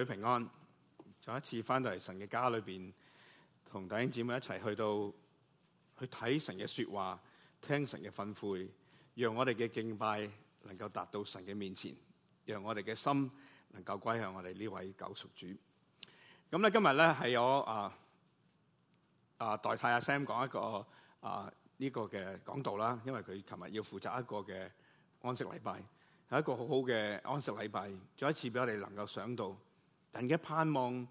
佢平安，再一次翻到嚟神嘅家裏邊，同弟兄姊妹一齊去到去睇神嘅說話，聽神嘅吩咐，讓我哋嘅敬拜能夠達到神嘅面前，讓我哋嘅心能夠歸向我哋呢位救贖主。咁咧，今日咧係我啊啊代替阿 Sam 講一個啊呢、呃這個嘅講道啦，因為佢琴日要負責一個嘅安息禮拜，係一個很好好嘅安息禮拜，再一次俾我哋能夠想到。人嘅盼望，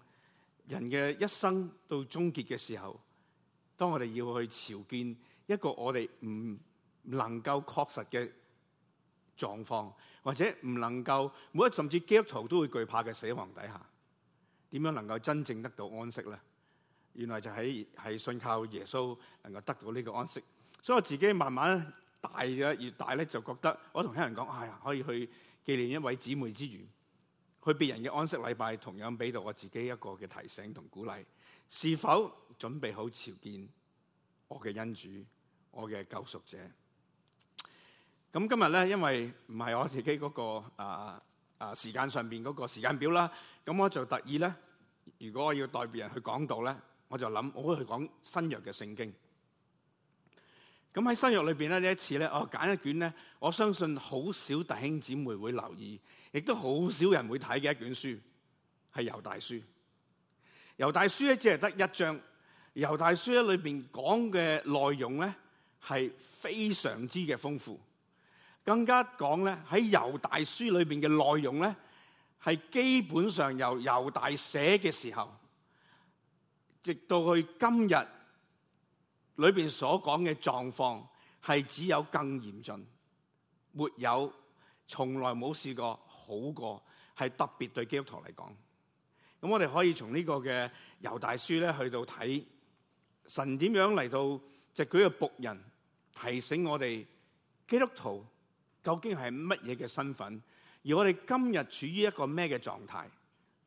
人嘅一生到終結嘅時候，當我哋要去朝見一個我哋唔能夠確實嘅狀況，或者唔能夠每一甚至基督徒都會懼怕嘅死亡底下，點樣能夠真正得到安息咧？原來就喺、是、係信靠耶穌能夠得到呢個安息。所以我自己慢慢大咗越大咧，就覺得我同啲人講，哎呀，可以去紀念一位姊妹之餘。對別人嘅安息禮拜同樣俾到我自己一個嘅提醒同鼓勵，是否準備好朝見我嘅恩主，我嘅救贖者？咁今日咧，因為唔係我自己嗰個啊啊時間上邊嗰個時間表啦，咁我就特意咧，如果我要代別人去講道咧，我就諗我可以去講新約嘅聖經。咁喺新約裏邊咧，呢這一次咧，我、哦、揀一卷咧，我相信好少弟兄姊妹會留意，亦都好少人會睇嘅一卷書，係猶大書。猶大書咧只係得一章，猶大書咧裏邊講嘅內容咧係非常之嘅豐富，更加講咧喺猶大書裏邊嘅內容咧係基本上由猶大寫嘅時候，直到去今日。裏邊所講嘅狀況係只有更嚴峻，沒有從來冇試過好過，係特別對基督徒嚟講。咁我哋可以從呢個嘅猶大書咧去到睇神點樣嚟到藉佢嘅僕人提醒我哋基督徒究竟係乜嘢嘅身份，而我哋今日處於一個咩嘅狀態，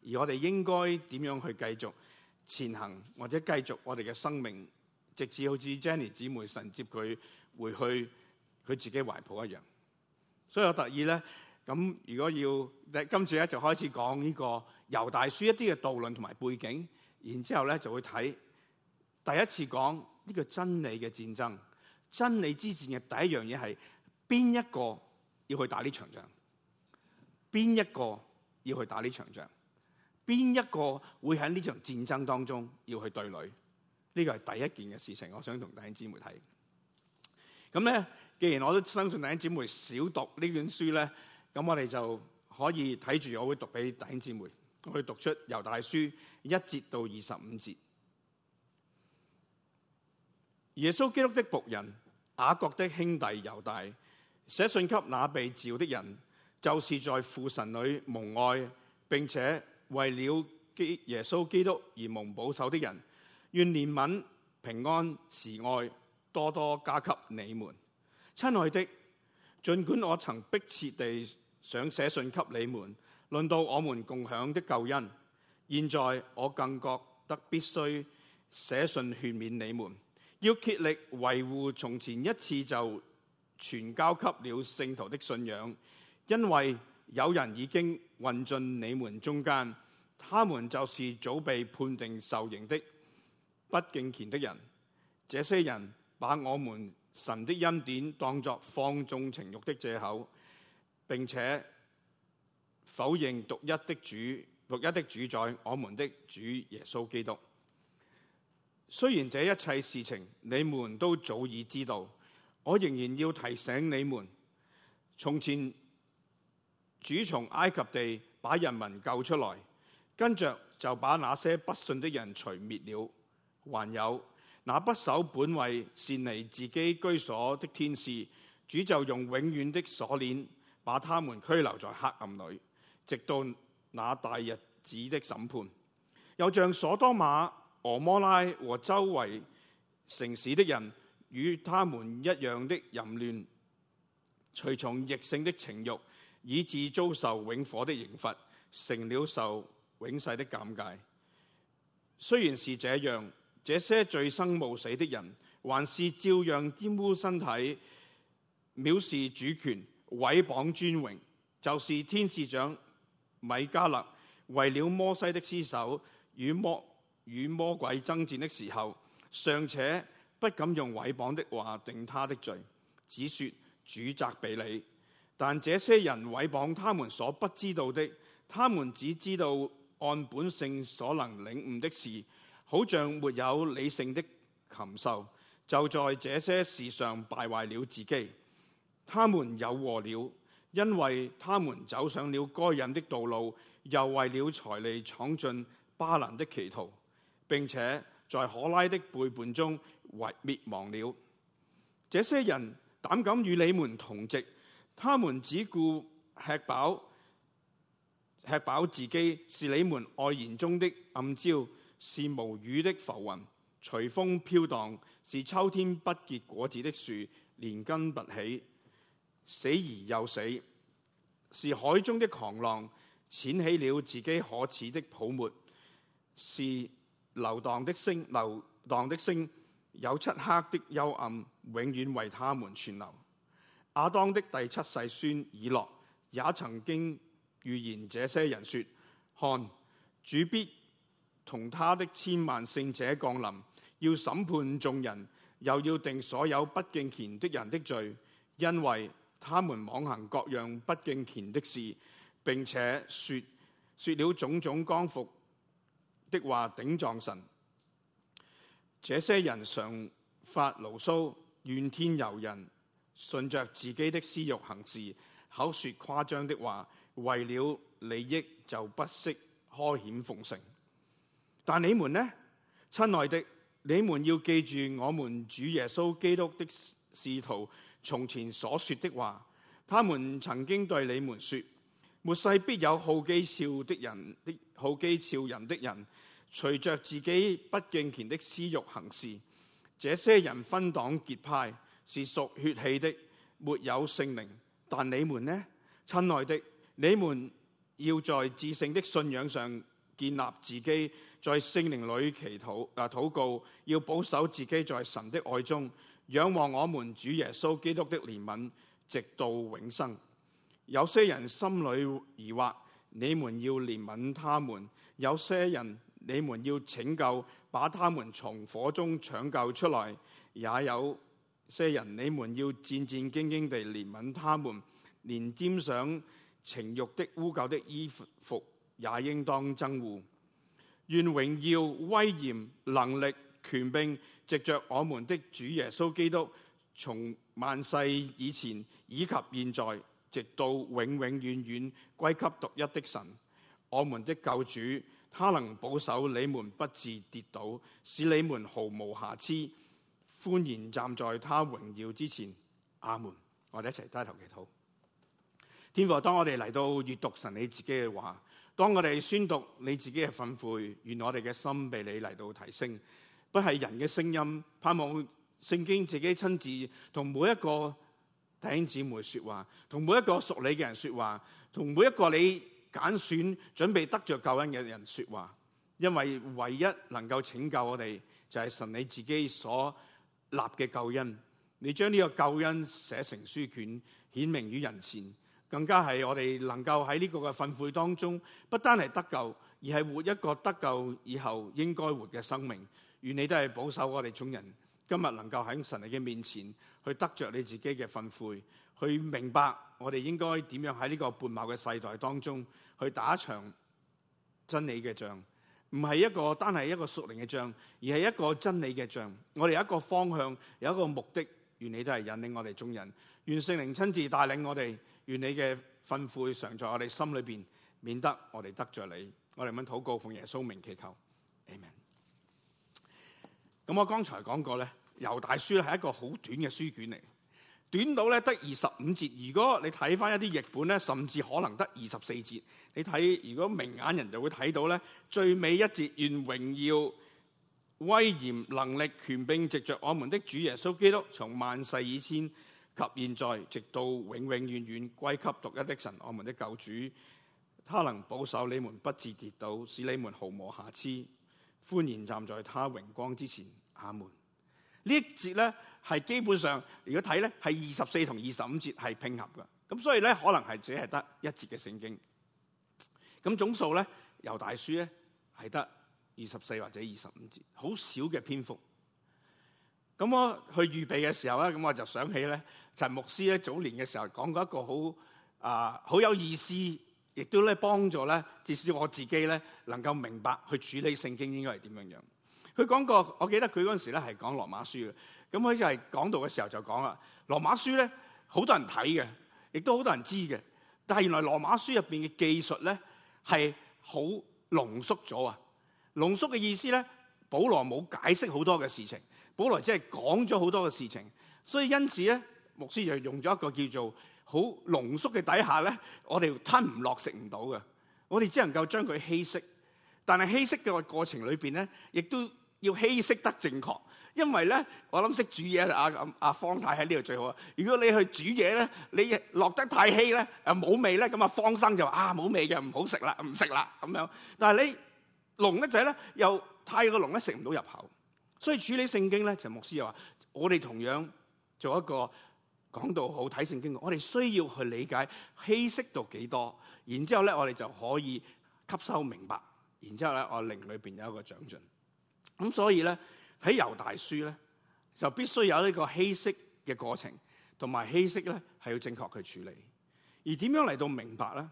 而我哋應該點樣去繼續前行，或者繼續我哋嘅生命。直至好似 Jenny 姊妹神接佢回去佢自己懷抱一樣，所以我特意咧咁，如果要今次咧就開始講呢個猶大書一啲嘅道論同埋背景，然之後咧就會睇第一次講呢個真理嘅戰爭真理之戰嘅第一樣嘢係邊一個要去打呢場仗？邊一個要去打呢場仗？邊一個會喺呢場戰爭當中要去對壘。呢個係第一件嘅事情，我想同弟兄姊妹睇。咁咧，既然我都相信弟兄姊妹少讀呢本書咧，咁我哋就可以睇住，我會讀俾弟兄姊妹，我會讀出猶大書一節到二十五節。耶穌基督的僕人雅各的兄弟猶大，寫信給那被召的人，就是在父神裏蒙愛，並且為了基耶穌基督而蒙保守的人。願憐憫、平安、慈愛多多加給你們，親愛的。儘管我曾迫切地想寫信給你們，論到我們共享的救恩，現在我更覺得必須寫信勸勉你們，要竭力維護從前一次就傳交給了聖徒的信仰，因為有人已經混進你們中間，他們就是早被判定受刑的。不敬虔的人，這些人把我們神的恩典當作放縱情欲的借口，並且否認獨一的主、獨一的主宰我們的主耶穌基督。雖然這一切事情你們都早已知道，我仍然要提醒你們：從前主從埃及地把人民救出來，跟着就把那些不信的人除滅了。還有那不守本位、擅離自己居所的天使，主就用永遠的鎖鏈把他們拘留在黑暗裏，直到那大日子的審判。又像所多瑪、蛾摩拉和周圍城市的人，與他們一樣的淫亂、隨從逆性的情慾，以致遭受永火的刑罰，成了受永世的鑑戒。雖然是這樣。這些醉生夢死的人，還是照樣玷污身體、藐視主權、毀謗尊榮。就是天使長米迦勒，為了摩西的屍首與魔與魔鬼爭戰的時候，尚且不敢用毀謗的話定他的罪，只說主責備你。但這些人毀謗他們所不知道的，他們只知道按本性所能領悟的事。好像沒有理性的禽獸，就在這些事上敗壞了自己。他們有禍了，因為他們走上了該隱的道路，又為了財利闖進巴蘭的歧途，並且在可拉的背叛中滅滅亡了。這些人膽敢與你們同席，他們只顧吃飽，吃飽自己，是你們愛筵中的暗礁。是無雨的浮雲，隨風飄蕩；是秋天不結果子的樹，連根拔起，死而又死。是海中的狂浪，濺起了自己可恥的泡沫。是流蕩的星，流蕩的星，有漆黑的幽暗，永遠為他們存留。亞當的第七世孫以諾也曾經預言這些人說：看，主必，同他的千萬聖者降臨，要審判眾人，又要定所有不敬虔的人的罪，因為他們妄行各樣不敬虔的事，並且説説了種種光復的話，頂撞神。這些人常發牢騷、怨天尤人，順着自己的私欲行事，口説誇張的話，為了利益就不惜開險奉承。但你們呢，親愛的，你們要記住我們主耶穌基督的使徒從前所說的話。他們曾經對你們說：末世必有好譏笑的人的，好譏笑人的人，隨着自己不敬虔的私欲行事。這些人分黨結派，是屬血氣的，沒有聖靈。但你們呢，親愛的，你們要在至聖的信仰上建立自己。在聖靈裏祈禱啊，禱告要保守自己在神的愛中，仰望我們主耶穌基督的憐憫，直到永生。有些人心裏疑惑，你們要憐憫他們；有些人你們要拯救，把他們從火中搶救出來；也有些人你們要戰戰兢兢地憐憫他們，連沾上情欲的污垢的衣服，也應當憎惡。願榮耀、威嚴、能力、權柄，藉着我們的主耶穌基督，從萬世以前以及現在，直到永永遠遠，歸給獨一的神。我們的救主，他能保守你們不至跌倒，使你們毫無瑕疵，歡然站在他榮耀之前。阿門！我哋一齊低頭祈禱。天父，當我哋嚟到閱讀神你自己嘅話。當我哋宣讀你自己嘅訓誨，願我哋嘅心被你嚟到提升，不係人嘅聲音，盼望聖經自己親自同每一個弟兄姊妹說話，同每一個屬你嘅人說話，同每一個你揀選準備得着救恩嘅人說話，因為唯一能夠拯救我哋就係、是、神你自己所立嘅救恩，你將呢個救恩寫成書卷，顯明於人前。更加係我哋能夠喺呢個嘅訓誨當中，不單係得救，而係活一個得救以後應該活嘅生命。願你都係保守我哋眾人，今日能夠喺神你嘅面前去得着你自己嘅訓誨，去明白我哋應該點樣喺呢個悖謬嘅世代當中去打一場真理嘅仗，唔係一個單係一個屬靈嘅仗，而係一個真理嘅仗。我哋有一個方向，有一個目的，願你都係引領我哋眾人，願聖靈親自帶領我哋。願你嘅吩咐常在我哋心裏邊，免得我哋得罪你。我哋咁樣禱告，奉耶穌名祈求，amen。咁我剛才講過咧，猶大書咧係一個好短嘅書卷嚟，短到咧得二十五節。如果你睇翻一啲譯本咧，甚至可能得二十四節。你睇，如果明眼人就會睇到咧，最尾一節，願榮耀、威嚴、能力、權柄藉着我們的主耶穌基督從萬世以先，及現在，直到永永遠遠歸給獨一的神，我們的救主，他能保守你們不至跌倒，使你們毫無瑕疵，歡迎站在他榮光之前。阿門。呢一節咧係基本上，如果睇咧係二十四同二十五節係拼合嘅，咁所以咧可能係只係得一節嘅聖經。咁總數咧，猶大書咧係得二十四或者二十五節，好少嘅篇幅。咁我去預備嘅時候咧，咁我就想起咧，陳、就是、牧師咧早年嘅時候講過一個好啊，好、呃、有意思，亦都咧幫助咧，至少我自己咧能夠明白去處理聖經應該係點樣樣。佢講過，我記得佢嗰陣時咧係講羅馬書嘅。咁佢喺講到嘅時候就講啦，羅馬書咧好多人睇嘅，亦都好多人知嘅，但係原來羅馬書入邊嘅技術咧係好濃縮咗啊！濃縮嘅意思咧，保羅冇解釋好多嘅事情。本來真係講咗好多嘅事情，所以因此咧，牧師就用咗一個叫做好濃縮嘅底下咧，我哋吞唔落食唔到嘅，我哋只能夠將佢稀釋。但係稀釋嘅過程裏邊咧，亦都要稀釋得正確，因為咧，我諗識煮嘢啊，阿阿方太喺呢度最好啊。如果你去煮嘢咧，你落得太稀咧，啊冇味咧，咁啊方生就話啊冇味嘅，唔好食啦，唔食啦咁樣。但係你濃得滯咧，又太過濃咧，食唔到入口。所以處理聖經咧，陳牧師又話：我哋同樣做一個講到好睇聖經，我哋需要去理解稀釋到幾多，然之後咧，我哋就可以吸收明白。然之後咧，我靈裏邊有一個長進。咁所以咧，喺猶大書咧，就必須有呢個稀釋嘅過程，同埋稀釋咧係要正確去處理。而點樣嚟到明白咧？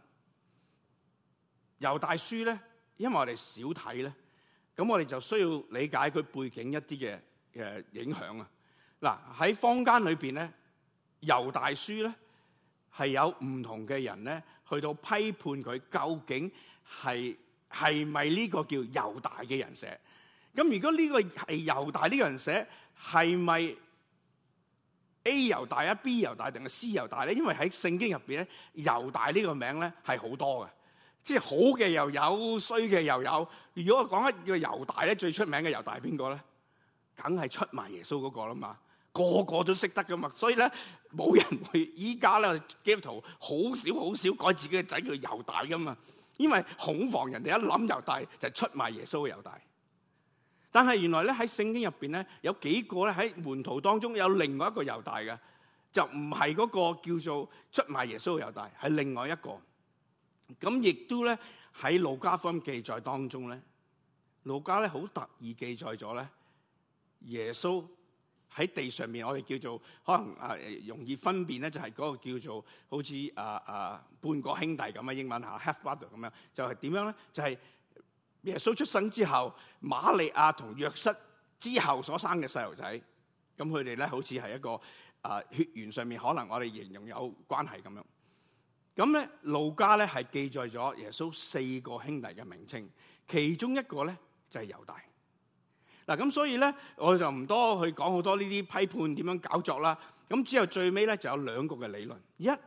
猶大書咧，因為我哋少睇咧。咁我哋就需要理解佢背景一啲嘅誒影響啊！嗱喺坊間裏邊咧，猶大書咧係有唔同嘅人咧去到批判佢，究竟係係咪呢個叫猶大嘅人寫？咁如果呢個係猶大呢個人寫，係咪 A 猶大啊 B 猶大定係 C 猶大咧？因為喺聖經入邊咧，猶大呢個名咧係好多嘅。即係好嘅又有，衰嘅又有。如果我講一個猶大咧，最出名嘅猶大係邊個咧？梗係出賣耶穌嗰個啦嘛，個個都識得噶嘛。所以咧，冇人會依家咧基督徒好少好少改自己嘅仔叫猶大噶嘛，因為恐防人哋一諗猶大就出賣耶穌嘅猶大。但係原來咧喺聖經入邊咧，有幾個咧喺門徒當中有另外一個猶大嘅，就唔係嗰個叫做出賣耶穌嘅猶大，係另外一個。咁亦都咧喺《路加福音》記載當中咧，《路加》咧好特意記載咗咧，耶穌喺地上面，我哋叫做可能啊容易分辨咧，就係嗰個叫做好似啊啊半個兄弟咁嘅英文吓 Half Brother 咁樣，就係點樣咧？就係耶穌出生之後，瑪利亞同約瑟之後所生嘅細路仔，咁佢哋咧好似係一個啊血緣上面可能我哋形容有關係咁樣。咁咧，路加咧係記載咗耶穌四個兄弟嘅名稱，其中一個咧就係猶大。嗱，咁所以咧，我就唔多去講好多呢啲批判點樣搞作啦。咁之後最尾咧就有兩個嘅理論，一、這、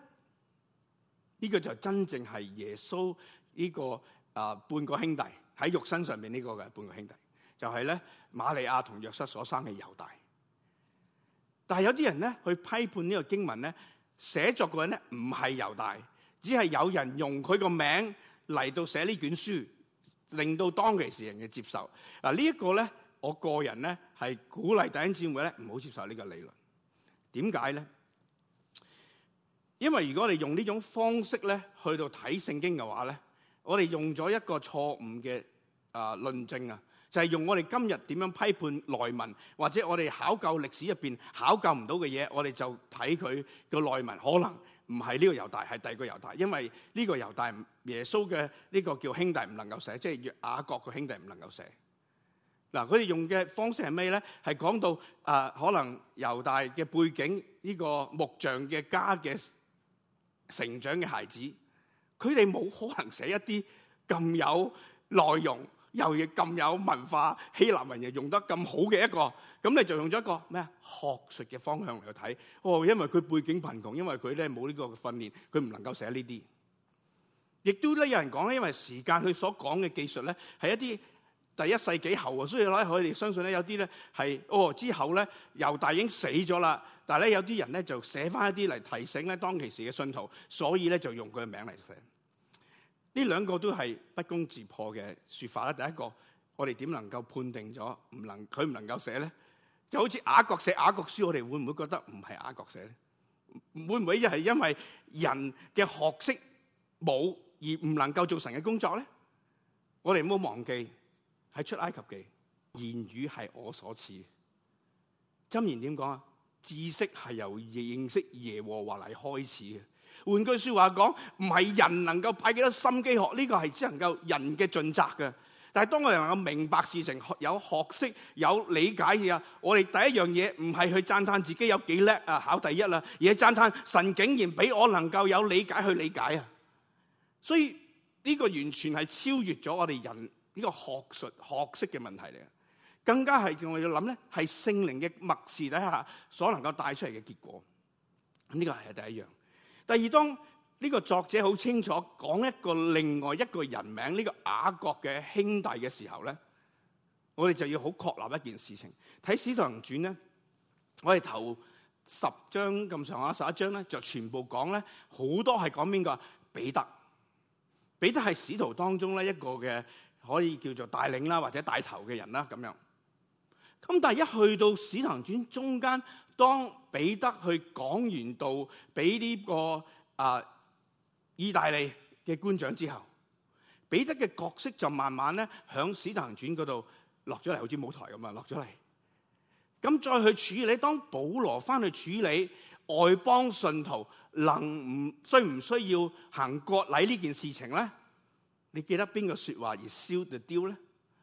呢個就真正係耶穌呢個啊半個兄弟喺肉身上邊呢個嘅半個兄弟，就係咧瑪利亞同約瑟所生嘅猶大。但係有啲人咧去批判呢個經文咧寫作嘅人咧唔係猶大。只係有人用佢個名嚟到寫呢卷書，令到當其時人嘅接受。嗱、這個、呢一個咧，我個人咧係鼓勵弟兄姊妹咧唔好接受呢個理論。點解咧？因為如果我哋用呢種方式咧去到睇聖經嘅話咧，我哋用咗一個錯誤嘅啊論證啊。就係、是、用我哋今日點樣批判內文，或者我哋考究歷史入邊考究唔到嘅嘢，我哋就睇佢個內文可能唔係呢個猶大，係第二個猶大，因為呢個猶大耶穌嘅呢個叫兄弟唔能夠寫，即係雅各個兄弟唔能夠寫。嗱，佢哋用嘅方式係咩咧？係講到啊、呃，可能猶大嘅背景呢、這個木匠嘅家嘅成長嘅孩子，佢哋冇可能寫一啲咁有內容。又亦咁有文化，希臘文又用得咁好嘅一個，咁你就用咗一個咩啊，學術嘅方向嚟去睇，哦，因為佢背景貧窮，因為佢咧冇呢個訓練，佢唔能夠寫呢啲。亦都咧有人講，因為時間佢所講嘅技術咧係一啲第一世紀後喎，所以咧我哋相信咧有啲咧係哦之後咧，猶大已經死咗啦，但係咧有啲人咧就寫返一啲嚟提醒咧當其時嘅信徒，所以咧就用佢嘅名嚟寫。呢兩個都係不攻自破嘅説法啦。第一個，我哋點能夠判定咗唔能佢唔能夠寫咧？就好似雅各寫雅各書，我哋會唔會覺得唔係雅各寫咧？會唔會又係因為人嘅學識冇而唔能夠做成嘅工作咧？我哋唔好忘記喺出埃及記，言語係我所賜。箴言點講啊？知識係由認識耶和華嚟開始嘅。換句說話講，唔係人能夠擺幾多心機學呢個係只能夠人嘅盡責嘅。但係當我哋能夠明白事情有學識、有理解嘅啊，我哋第一樣嘢唔係去讚嘆自己有幾叻啊考第一啦，而係讚嘆神竟然俾我能夠有理解去理解啊。所以呢個完全係超越咗我哋人呢個學術學識嘅問題嚟嘅，更加係我要諗咧係聖靈嘅默示底下所能夠帶出嚟嘅結果。呢個係第一樣。第二，當呢個作者好清楚講一個另外一個人名呢個雅各嘅兄弟嘅時候咧，我哋就要好確立一件事情。睇《使徒行傳》咧，我哋頭十章咁上下十一章咧，就全部講咧好多係講邊個彼得。彼得係使徒當中咧一個嘅可以叫做帶領啦或者帶頭嘅人啦咁樣。咁但係一去到《使徒行傳》中間。當彼得去講完道，這個，俾呢個啊意大利嘅官長之後，彼得嘅角色就慢慢咧響《使徒行傳》嗰度落咗嚟，好似舞台咁啊，落咗嚟。咁再去處理，當保羅翻去處理外邦信徒能唔需唔需要行割禮呢件事情咧？你記得邊個說話而 seal the deal 咧？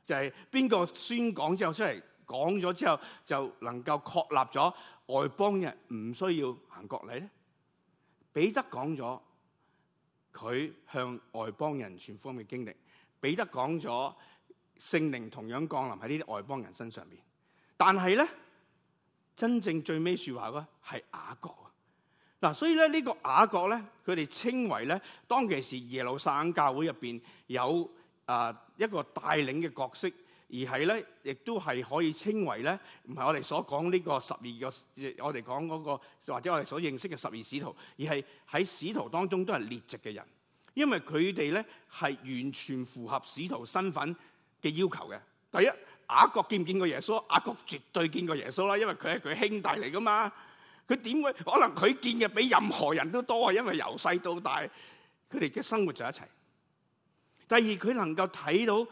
就係、是、邊個宣講之後出嚟講咗之後，就能夠確立咗。外邦人唔需要行國禮咧。彼得講咗，佢向外邦人傳福音嘅經歷。彼得講咗，聖靈同樣降臨喺呢啲外邦人身上邊。但係咧，真正最尾說話嘅係雅各啊。嗱，所以咧呢個雅各咧，佢哋稱為咧，當其時耶路撒冷教會入邊有啊一個帶領嘅角色。而係咧，亦都係可以稱為咧，唔係我哋所講呢個十二個，我哋講嗰個或者我哋所認識嘅十二使徒，而係喺使徒當中都係列席嘅人，因為佢哋咧係完全符合使徒身份嘅要求嘅。第一，雅各見唔見過耶穌？雅各絕對見過耶穌啦，因為佢係佢兄弟嚟㗎嘛。佢點會？可能佢見嘅比任何人都多，因為由細到大佢哋嘅生活就一齊。第二，佢能夠睇到，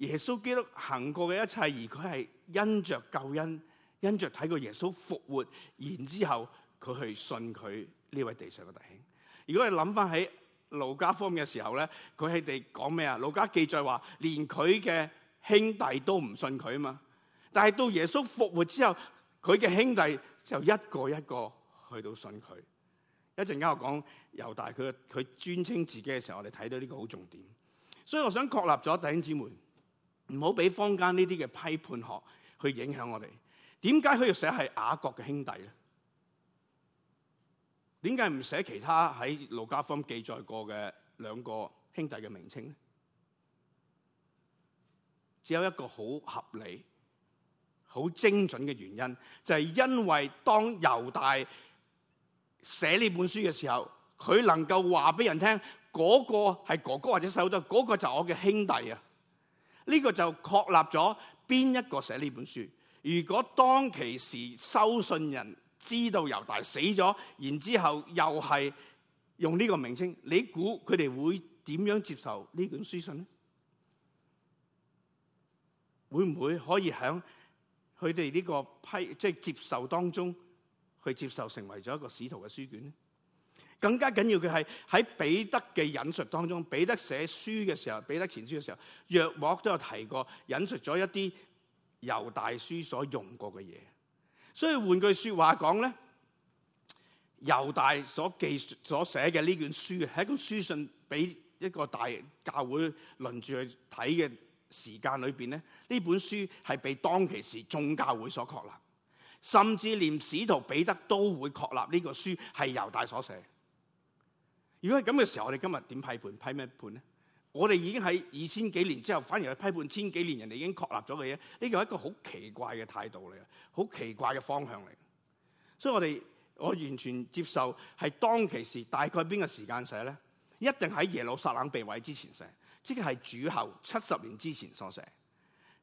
耶穌基督行過嘅一切，而佢係因着救恩、因着睇過耶穌復活，然之後佢去信佢呢位地上嘅弟兄。如果你諗翻喺路加方面嘅時候咧，佢喺地講咩啊？路加記載話，連佢嘅兄弟都唔信佢啊嘛。但係到耶穌復活之後，佢嘅兄弟就一個一個去到信佢。一陣間我講猶大他，佢佢專稱自己嘅時候，我哋睇到呢個好重點。所以我想確立咗弟兄姊妹。唔好俾坊間呢啲嘅批判學去影響我哋。點解佢要寫係雅各嘅兄弟咧？點解唔寫其他喺路加福音記載過嘅兩個兄弟嘅名稱咧？只有一個好合理、好精準嘅原因，就係因為當猶大寫呢本書嘅時候，佢能夠話俾人聽，嗰個係哥哥或者細佬，嗰個就係我嘅兄弟啊。呢、這個就確立咗邊一個寫呢本書。如果當其時收信人知道猶大死咗，然之後又係用呢個名稱，你估佢哋會點樣接受呢卷書信呢？會唔會可以響佢哋呢個批即係、就是、接受當中去接受成為咗一個使徒嘅書卷呢？更加緊要嘅係喺彼得嘅引述當中，彼得寫書嘅時候，彼得前書嘅時候，約莫都有提過引述咗一啲猶大書所用過嘅嘢。所以換句説話講咧，猶大所記所寫嘅呢卷書，係一個書信，俾一個大教會輪住去睇嘅時間裏邊咧，呢本書係被當其時眾教會所確立，甚至連使徒彼得都會確立呢個書係猶大所寫。如果係咁嘅時候，我哋今日點批判？批咩判咧？我哋已經喺二千幾年之後，反而去批判千幾年，人哋已經確立咗嘅嘢，呢個係一個好奇怪嘅態度嚟嘅，好奇怪嘅方向嚟。所以我哋我完全接受係當其時大概邊個時間寫咧？一定喺耶路撒冷被毀之前寫，即係主後七十年之前所寫。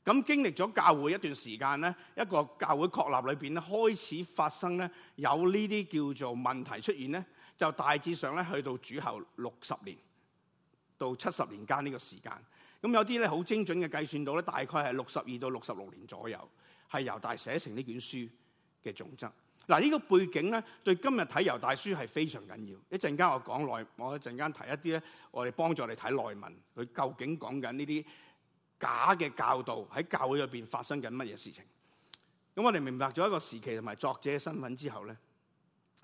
咁經歷咗教會一段時間咧，一個教會確立裏邊咧，開始發生咧，有呢啲叫做問題出現咧。就大致上咧，去到主後六十年到七十年間呢個時間，咁有啲咧好精準嘅計算到咧，大概係六十二到六十六年左右，係猶大寫成呢卷書嘅總則。嗱，呢個背景咧，對今日睇猶大書係非常緊要。一陣間我講內，我一陣間提一啲咧，我哋幫助你睇內文，佢究竟講緊呢啲假嘅教導喺教會入邊發生緊乜嘢事情。咁我哋明白咗一個時期同埋作者嘅身份之後咧，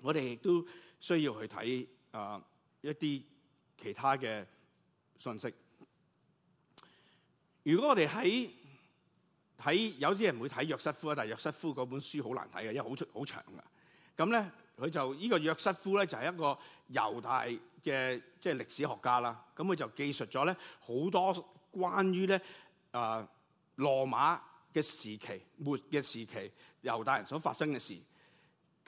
我哋亦都。需要去睇啊、呃、一啲其他嘅信息。如果我哋喺睇，有啲人會睇約瑟夫，但係約瑟夫嗰本書好難睇嘅，因為好出好長嘅。咁咧佢就、這個、呢個約瑟夫咧就係、是、一個猶太嘅即係歷史學家啦。咁佢就記述咗咧好多關於咧啊羅馬嘅時期、末嘅時期、猶太人所發生嘅事。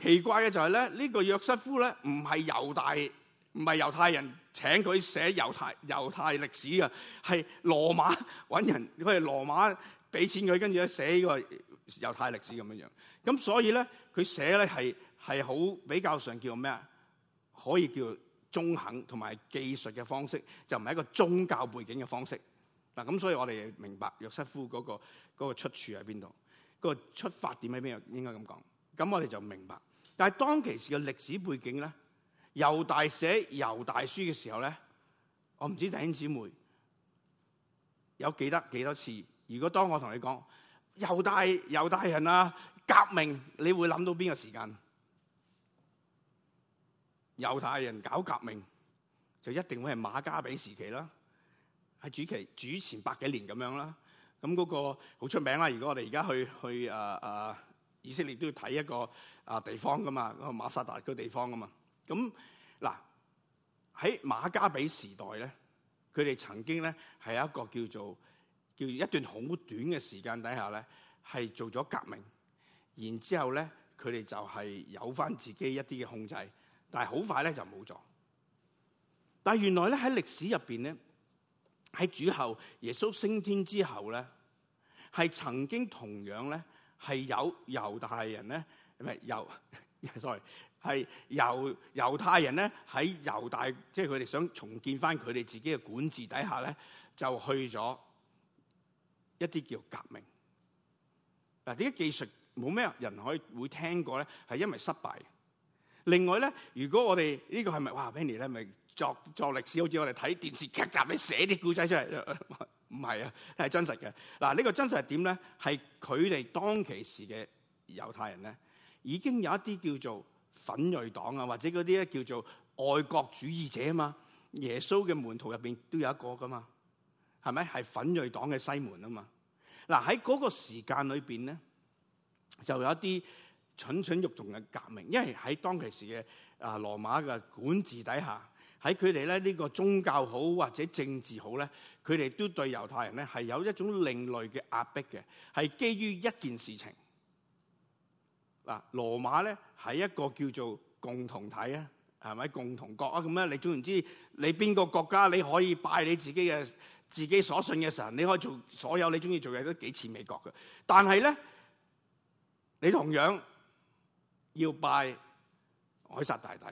奇怪嘅就係咧，呢個約瑟夫咧唔係猶大唔係猶太人請佢寫猶太猶太歷史啊，係羅馬揾人，佢係羅馬俾錢佢，跟住咧寫呢個猶太歷史咁樣樣，咁所以咧，佢寫咧係係好比較上叫咩啊？可以叫中肯同埋技術嘅方式，就唔係一個宗教背景嘅方式。嗱，咁所以我哋明白約瑟夫嗰個嗰個出處喺邊度，個出發點喺邊度，應該咁講，咁我哋就明白。但係當其時嘅歷史背景咧，猶大寫猶大書嘅時候咧，我唔知弟兄姊妹有記得幾多次。如果當我同你講猶大猶大人啊革命，你會諗到邊個時間？猶太人搞革命就一定會係馬加比時期啦，喺主期主前百幾年咁樣啦。咁嗰個好出名啦。如果我哋而家去去啊啊～啊以色列都要睇一個啊地方噶嘛，個馬薩達個地方噶嘛。咁嗱喺馬加比時代咧，佢哋曾經咧係一個叫做叫一段好短嘅時間底下咧，係做咗革命，然之後咧佢哋就係有返自己一啲嘅控制，但係好快咧就冇咗。但係原來咧喺歷史入面咧，喺主後耶穌升天之後咧，係曾經同樣咧。係有猶太人咧，唔係猶，sorry，係猶猶太人咧喺猶大，即係佢哋想重建翻佢哋自己嘅管治底下咧，就去咗一啲叫革命。嗱，呢啲技術冇咩人可以會聽過咧？係因為失敗。另外咧，如果我哋呢、這個係咪哇，Benny 咧，咪作作歷史，好似我哋睇電視劇集，你寫啲故仔出嚟？唔係啊，係真實嘅。嗱，呢個真實係點咧？係佢哋當其時嘅猶太人咧，已經有一啲叫做奮銳黨啊，或者嗰啲咧叫做愛國主義者啊嘛。耶穌嘅門徒入邊都有一個噶嘛，係咪？係奮銳黨嘅西門啊嘛。嗱喺嗰個時間裏邊咧，就有一啲蠢蠢欲動嘅革命，因為喺當其時嘅啊羅馬嘅管治底下。喺佢哋咧呢個宗教好或者政治好咧，佢哋都對猶太人咧係有一種另類嘅壓迫嘅，係基於一件事情。嗱，羅馬咧係一個叫做共同體啊，係咪共同國啊？咁咧，你總言之，你邊個國家你可以拜你自己嘅自己所信嘅神，你可以做所有你中意做嘅都幾似美國嘅，但係咧，你同樣要拜凱撒大帝。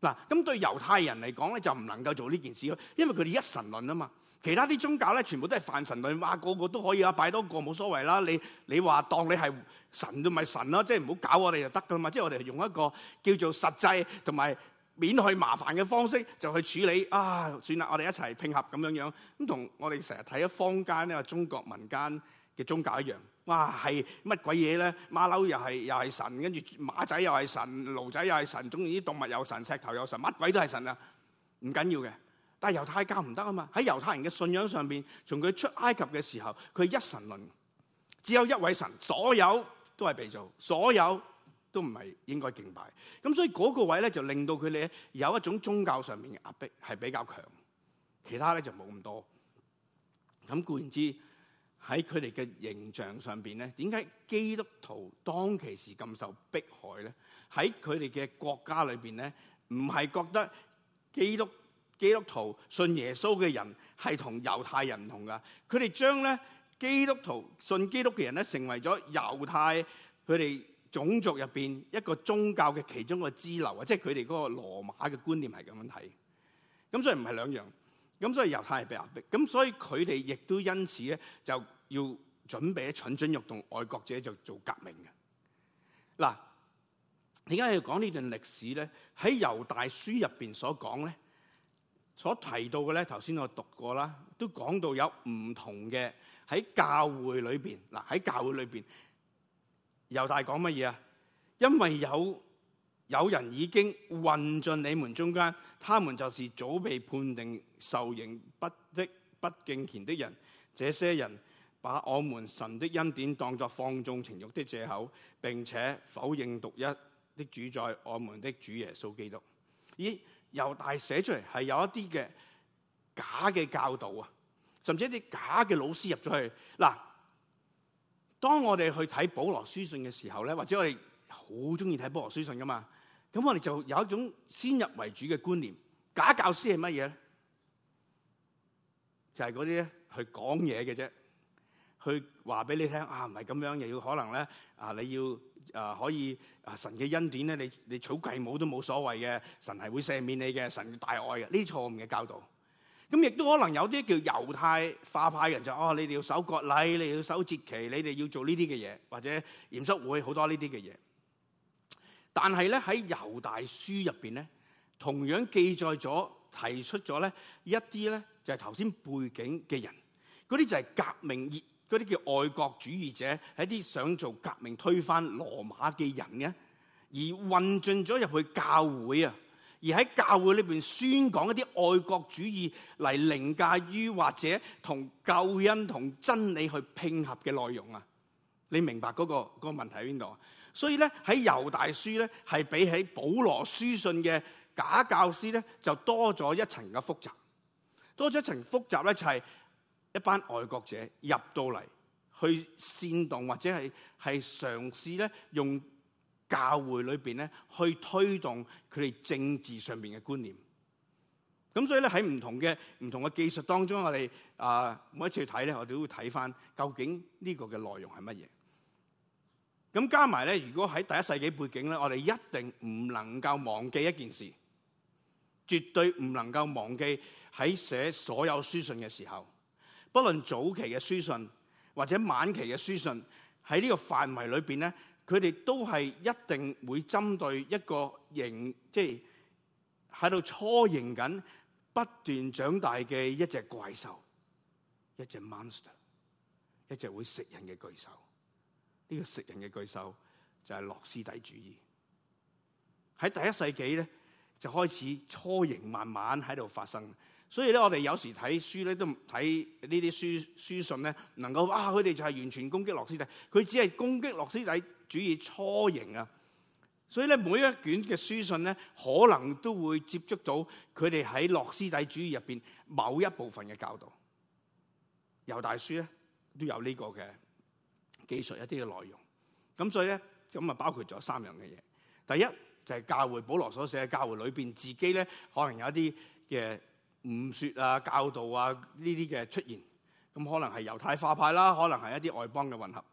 嗱，咁對猶太人嚟講咧，就唔能夠做呢件事咯，因為佢哋一神論啊嘛，其他啲宗教咧，全部都係泛神論，話個個都可以啊，拜多個冇所謂啦。你你話當你係神，咪神咯，即係唔好搞我哋就得噶啦嘛。即係我哋用一個叫做實際同埋免去麻煩嘅方式，就去處理啊。算啦，我哋一齊拼合咁樣樣，咁同我哋成日睇嘅坊間咧，中國民間嘅宗教一樣。哇，係乜鬼嘢咧？馬騮又係又係神，跟住馬仔又係神，驢仔又係神，總之啲動物又神，石頭又神，乜鬼都係神啊！唔緊要嘅，但係猶太教唔得啊嘛！喺猶太人嘅信仰上邊，從佢出埃及嘅時候，佢一神論，只有一位神，所有都係被造，所有都唔係應該敬拜。咁所以嗰個位咧就令到佢哋有一種宗教上面嘅壓迫係比較強，其他咧就冇咁多。咁固然之。喺佢哋嘅形象上邊咧，點解基督徒當其時咁受迫害咧？喺佢哋嘅國家裏邊咧，唔係覺得基督基督徒信耶穌嘅人係同猶太人唔同噶，佢哋將咧基督徒信基督嘅人咧，成為咗猶太佢哋種族入邊一個宗教嘅其中一個支流啊！即係佢哋嗰個羅馬嘅觀念係咁樣睇，咁所以唔係兩樣。咁所以猶太係比較逼，咁所以佢哋亦都因此咧就要準備蠢蠢欲動，愛國者就做革命嘅。嗱，點解要講呢段歷史咧，喺《猶大書》入邊所講咧，所提到嘅咧，頭先我讀過啦，都講到有唔同嘅喺教會裏邊，嗱喺教會裏邊，猶大講乜嘢啊？因為有。有人已經混進你們中間，他們就是早被判定受刑不的不敬虔的人。這些人把我們神的恩典當作放縱情欲的借口，並且否認獨一的主宰我們的主耶穌基督。咦？猶大寫出嚟係有一啲嘅假嘅教導啊，甚至一啲假嘅老師入咗去嗱。當我哋去睇保羅書信嘅時候咧，或者我哋好中意睇保羅書信噶嘛？咁我哋就有一種先入為主嘅觀念，假教師係乜嘢咧？就係嗰啲咧去講嘢嘅啫，去話俾你聽啊，唔係咁樣，又要可能咧啊，你要啊可以啊神嘅恩典咧，你你草芥冇都冇所謂嘅，神係會赦免你嘅，神嘅大愛嘅，呢啲錯誤嘅教導。咁亦都可能有啲叫猶太化派人就哦，你哋要守割禮，你哋要守節期，你哋要做呢啲嘅嘢，或者嚴肅會好多呢啲嘅嘢。但係咧喺猶大書入邊咧，同樣記載咗提出咗咧一啲咧就係頭先背景嘅人，嗰啲就係革命熱，嗰啲叫愛國主義者，係啲想做革命推翻羅馬嘅人嘅，而混進咗入去教會啊，而喺教會裏邊宣講一啲愛國主義嚟凌駕於或者同救恩同真理去拼合嘅內容啊，你明白嗰個嗰個問題喺邊度啊？所以咧喺猶大書咧，係比起保羅書信嘅假教師咧，就多咗一層嘅複雜，多咗一層複雜咧就係一班外國者入到嚟去煽動或者係係嘗試咧用教會裏邊咧去推動佢哋政治上邊嘅觀念。咁所以咧喺唔同嘅唔同嘅技術當中，我哋啊每一次去睇咧，我哋都會睇翻究竟呢個嘅內容係乜嘢。咁加埋咧，如果喺第一世紀背景咧，我哋一定唔能夠忘記一件事，絕對唔能夠忘記喺寫所有書信嘅時候，不論早期嘅書信或者晚期嘅書信，喺呢個範圍裏邊咧，佢哋都係一定會針對一個形，即係喺度初型緊、不斷長大嘅一隻怪獸，一隻 monster，一隻會食人嘅巨獸。呢個食人嘅巨獸就係諾斯底主義。喺第一世紀咧，就開始雛形慢慢喺度發生。所以咧，我哋有時睇書咧，都唔睇呢啲書書信咧，能夠啊，佢哋就係完全攻擊諾斯底。佢只係攻擊諾斯底主義雛形啊。所以咧，每一卷嘅書信咧，可能都會接觸到佢哋喺諾斯底主義入邊某一部分嘅教導。猶大書咧都有呢個嘅。記述一啲嘅內容咁，所以咧咁啊，包括咗三樣嘅嘢。第一就係、是、教會，保羅所寫嘅教會裏邊，自己咧可能有一啲嘅誤説啊、教導啊呢啲嘅出現，咁可能係猶太化派啦，可能係一啲外邦嘅混合。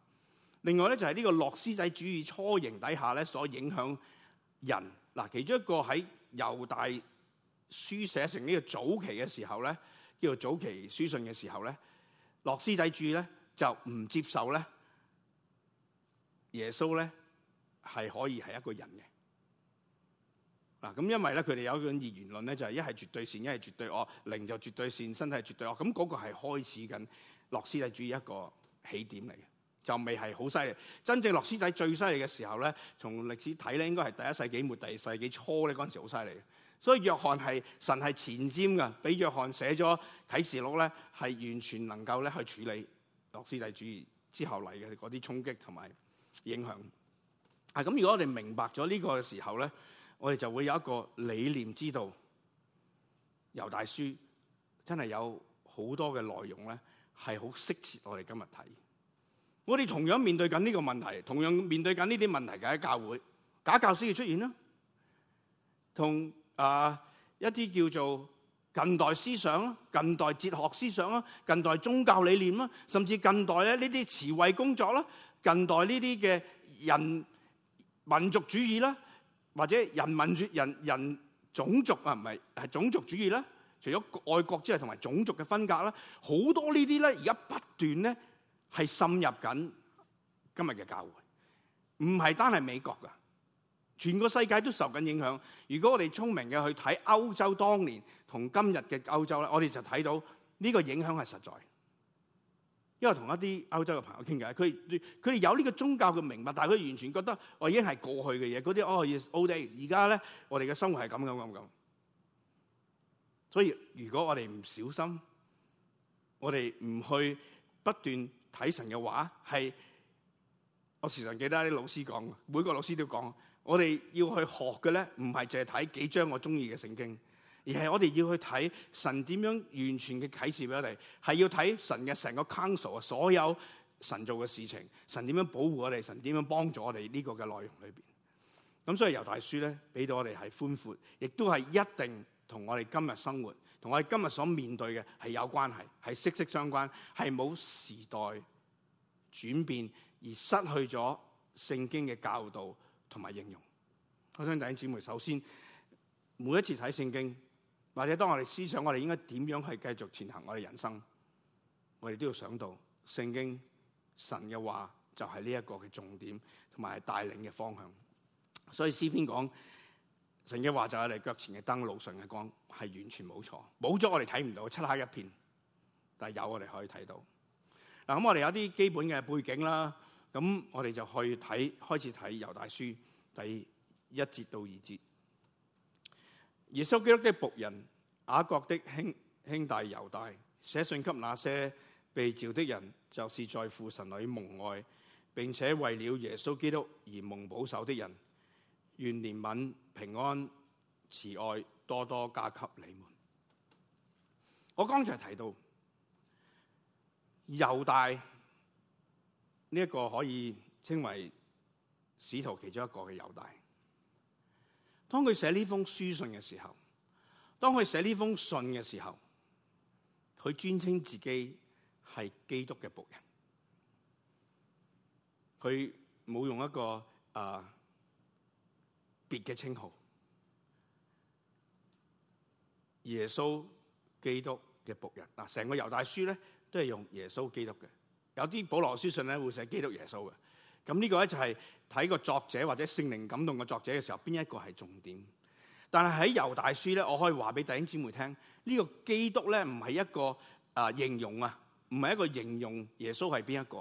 另外咧就係、是、呢個諾斯底主義初型底下咧所影響人嗱，其中一個喺猶大書寫成呢個早期嘅時候咧，叫做早期書信嘅時候咧，諾斯底主義咧就唔接受咧。耶穌咧係可以係一個人嘅嗱，咁因為咧佢哋有一種二元論咧，就係一係絕對善，一係絕對惡，靈就絕對善，身體係絕對惡。咁、那、嗰個係開始緊諾斯底主義一個起點嚟嘅，就未係好犀利。真正諾斯底最犀利嘅時候咧，從歷史睇咧，應該係第一世紀末、第二世紀初咧嗰陣時好犀利。所以約翰係神係前瞻嘅，俾約翰寫咗啟示錄咧，係完全能夠咧去處理諾斯底主義之後嚟嘅嗰啲衝擊同埋影響，啊咁，如果我哋明白咗呢個嘅時候咧，我哋就會有一個理念之道。《猶大書》真係有好多嘅內容咧，係好適切我哋今日睇。我哋同樣面對緊呢個問題，同樣面對緊呢啲問題嘅喺教會，假教師嘅出現啦，同啊一啲叫做近代思想啦、近代哲學思想啦、近代宗教理念啦，甚至近代咧呢啲慈惠工作啦。近代呢啲嘅人民族主義啦，或者人民主人人種族啊，唔係，係種族主義啦，除咗愛國之外，同埋種族嘅分隔啦，好多呢啲咧，而家不斷咧係滲入緊今日嘅教會，唔係單係美國噶，全個世界都受緊影響，如果我哋聰明嘅去睇歐洲當年同今日嘅歐洲咧，我哋就睇到呢個影響係實在的。因為同一啲歐洲嘅朋友傾偈，佢佢哋有呢個宗教嘅明白，但係佢完全覺得我已經係過去嘅嘢。嗰啲哦，old day，而家咧我哋嘅生活係咁咁咁咁。所以如果我哋唔小心，我哋唔去不斷睇神嘅話，係我時常記得啲老師講，每個老師都講，我哋要去學嘅咧，唔係淨係睇幾張我中意嘅聖經。而係我哋要去睇神點樣完全嘅啟示俾我哋，係要睇神嘅成個 counsel 啊，所有神做嘅事情，神點樣保護我哋，神點樣幫助我哋呢個嘅內容裏邊。咁所以《猶大書呢》咧，俾到我哋係寬闊，亦都係一定同我哋今日生活，同我哋今日所面對嘅係有關係，係息息相關，係冇時代轉變而失去咗聖經嘅教導同埋應用。我想弟兄姊妹，首先每一次睇聖經。或者當我哋思想，我哋應該點樣去繼續前行我哋人生？我哋都要想到聖經神嘅話就係呢一個嘅重點，同埋帶領嘅方向。所以詩篇講神嘅話就係你腳前嘅燈，路上嘅光係完全冇錯。冇咗我哋睇唔到漆黑一片，但係有我哋可以睇到。嗱，咁我哋有啲基本嘅背景啦，咁我哋就去睇開始睇《猶大書》第一節到二節。耶穌基督的僕人雅各的兄兄弟猶大寫信給那些被召的人，就是在父神裏蒙愛，並且為了耶穌基督而蒙保守的人，願憐憫、平安、慈愛多多加給你們。我剛才提到猶大呢一個可以稱為使徒其中一個嘅猶大。當佢寫呢封書信嘅時候，當佢寫呢封信嘅時候，佢專稱自己係基督嘅僕人，佢冇用一個啊、呃、別嘅稱號。耶穌基督嘅僕人嗱，成個猶大書咧都係用耶穌基督嘅，有啲保羅書信咧會寫基督耶穌嘅。咁呢個咧就係睇個作者或者聖靈感動嘅作者嘅時候，邊一個係重點？但係喺猶大書咧，我可以話俾弟兄姊妹聽：呢個基督咧唔係一個啊形容啊，唔係一個形容耶穌係邊一個。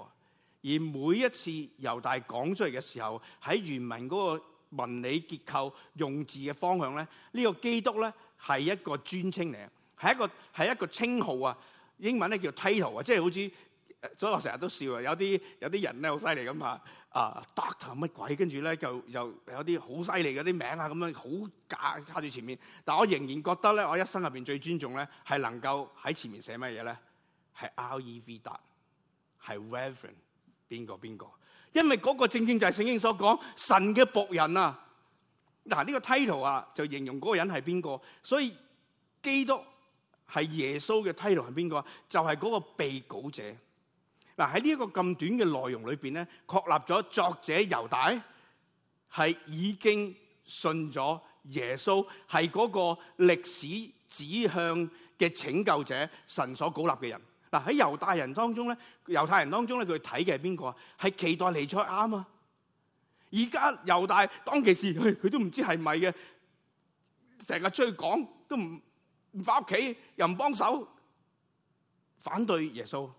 而每一次猶大講出嚟嘅時候，喺原文嗰個文理結構用字嘅方向咧，呢個基督咧係一個專稱嚟嘅，係一個係一個稱號啊！英文咧叫 title 啊，即係好似。所以我成日都笑啊，有啲有啲人咧好犀利咁啊，啊 doctor 乜鬼，跟住咧就又有啲好犀利啲名啊，咁樣好假加住前面。但我仍然覺得咧，我一生入邊最尊重咧，係能夠喺前面寫乜嘢咧，係 Rev. 達，係 Reverend 邊個邊個？因為嗰個正正就係聖經所講神嘅僕人啊。嗱呢個 title 啊，就形容個人係邊個，所以基督係耶穌嘅 title 係邊個？就係嗰個被膏者。嗱喺呢一個咁短嘅內容裏邊咧，確立咗作者猶大係已經信咗耶穌，係嗰個歷史指向嘅拯救者，神所膏立嘅人。嗱喺猶大人當中咧，猶太人當中咧，佢睇嘅係邊個啊？係期待彌賽亞嘛？而家猶大當其時佢都唔知係咪嘅，成日出去講都唔唔翻屋企，又唔幫手，反對耶穌。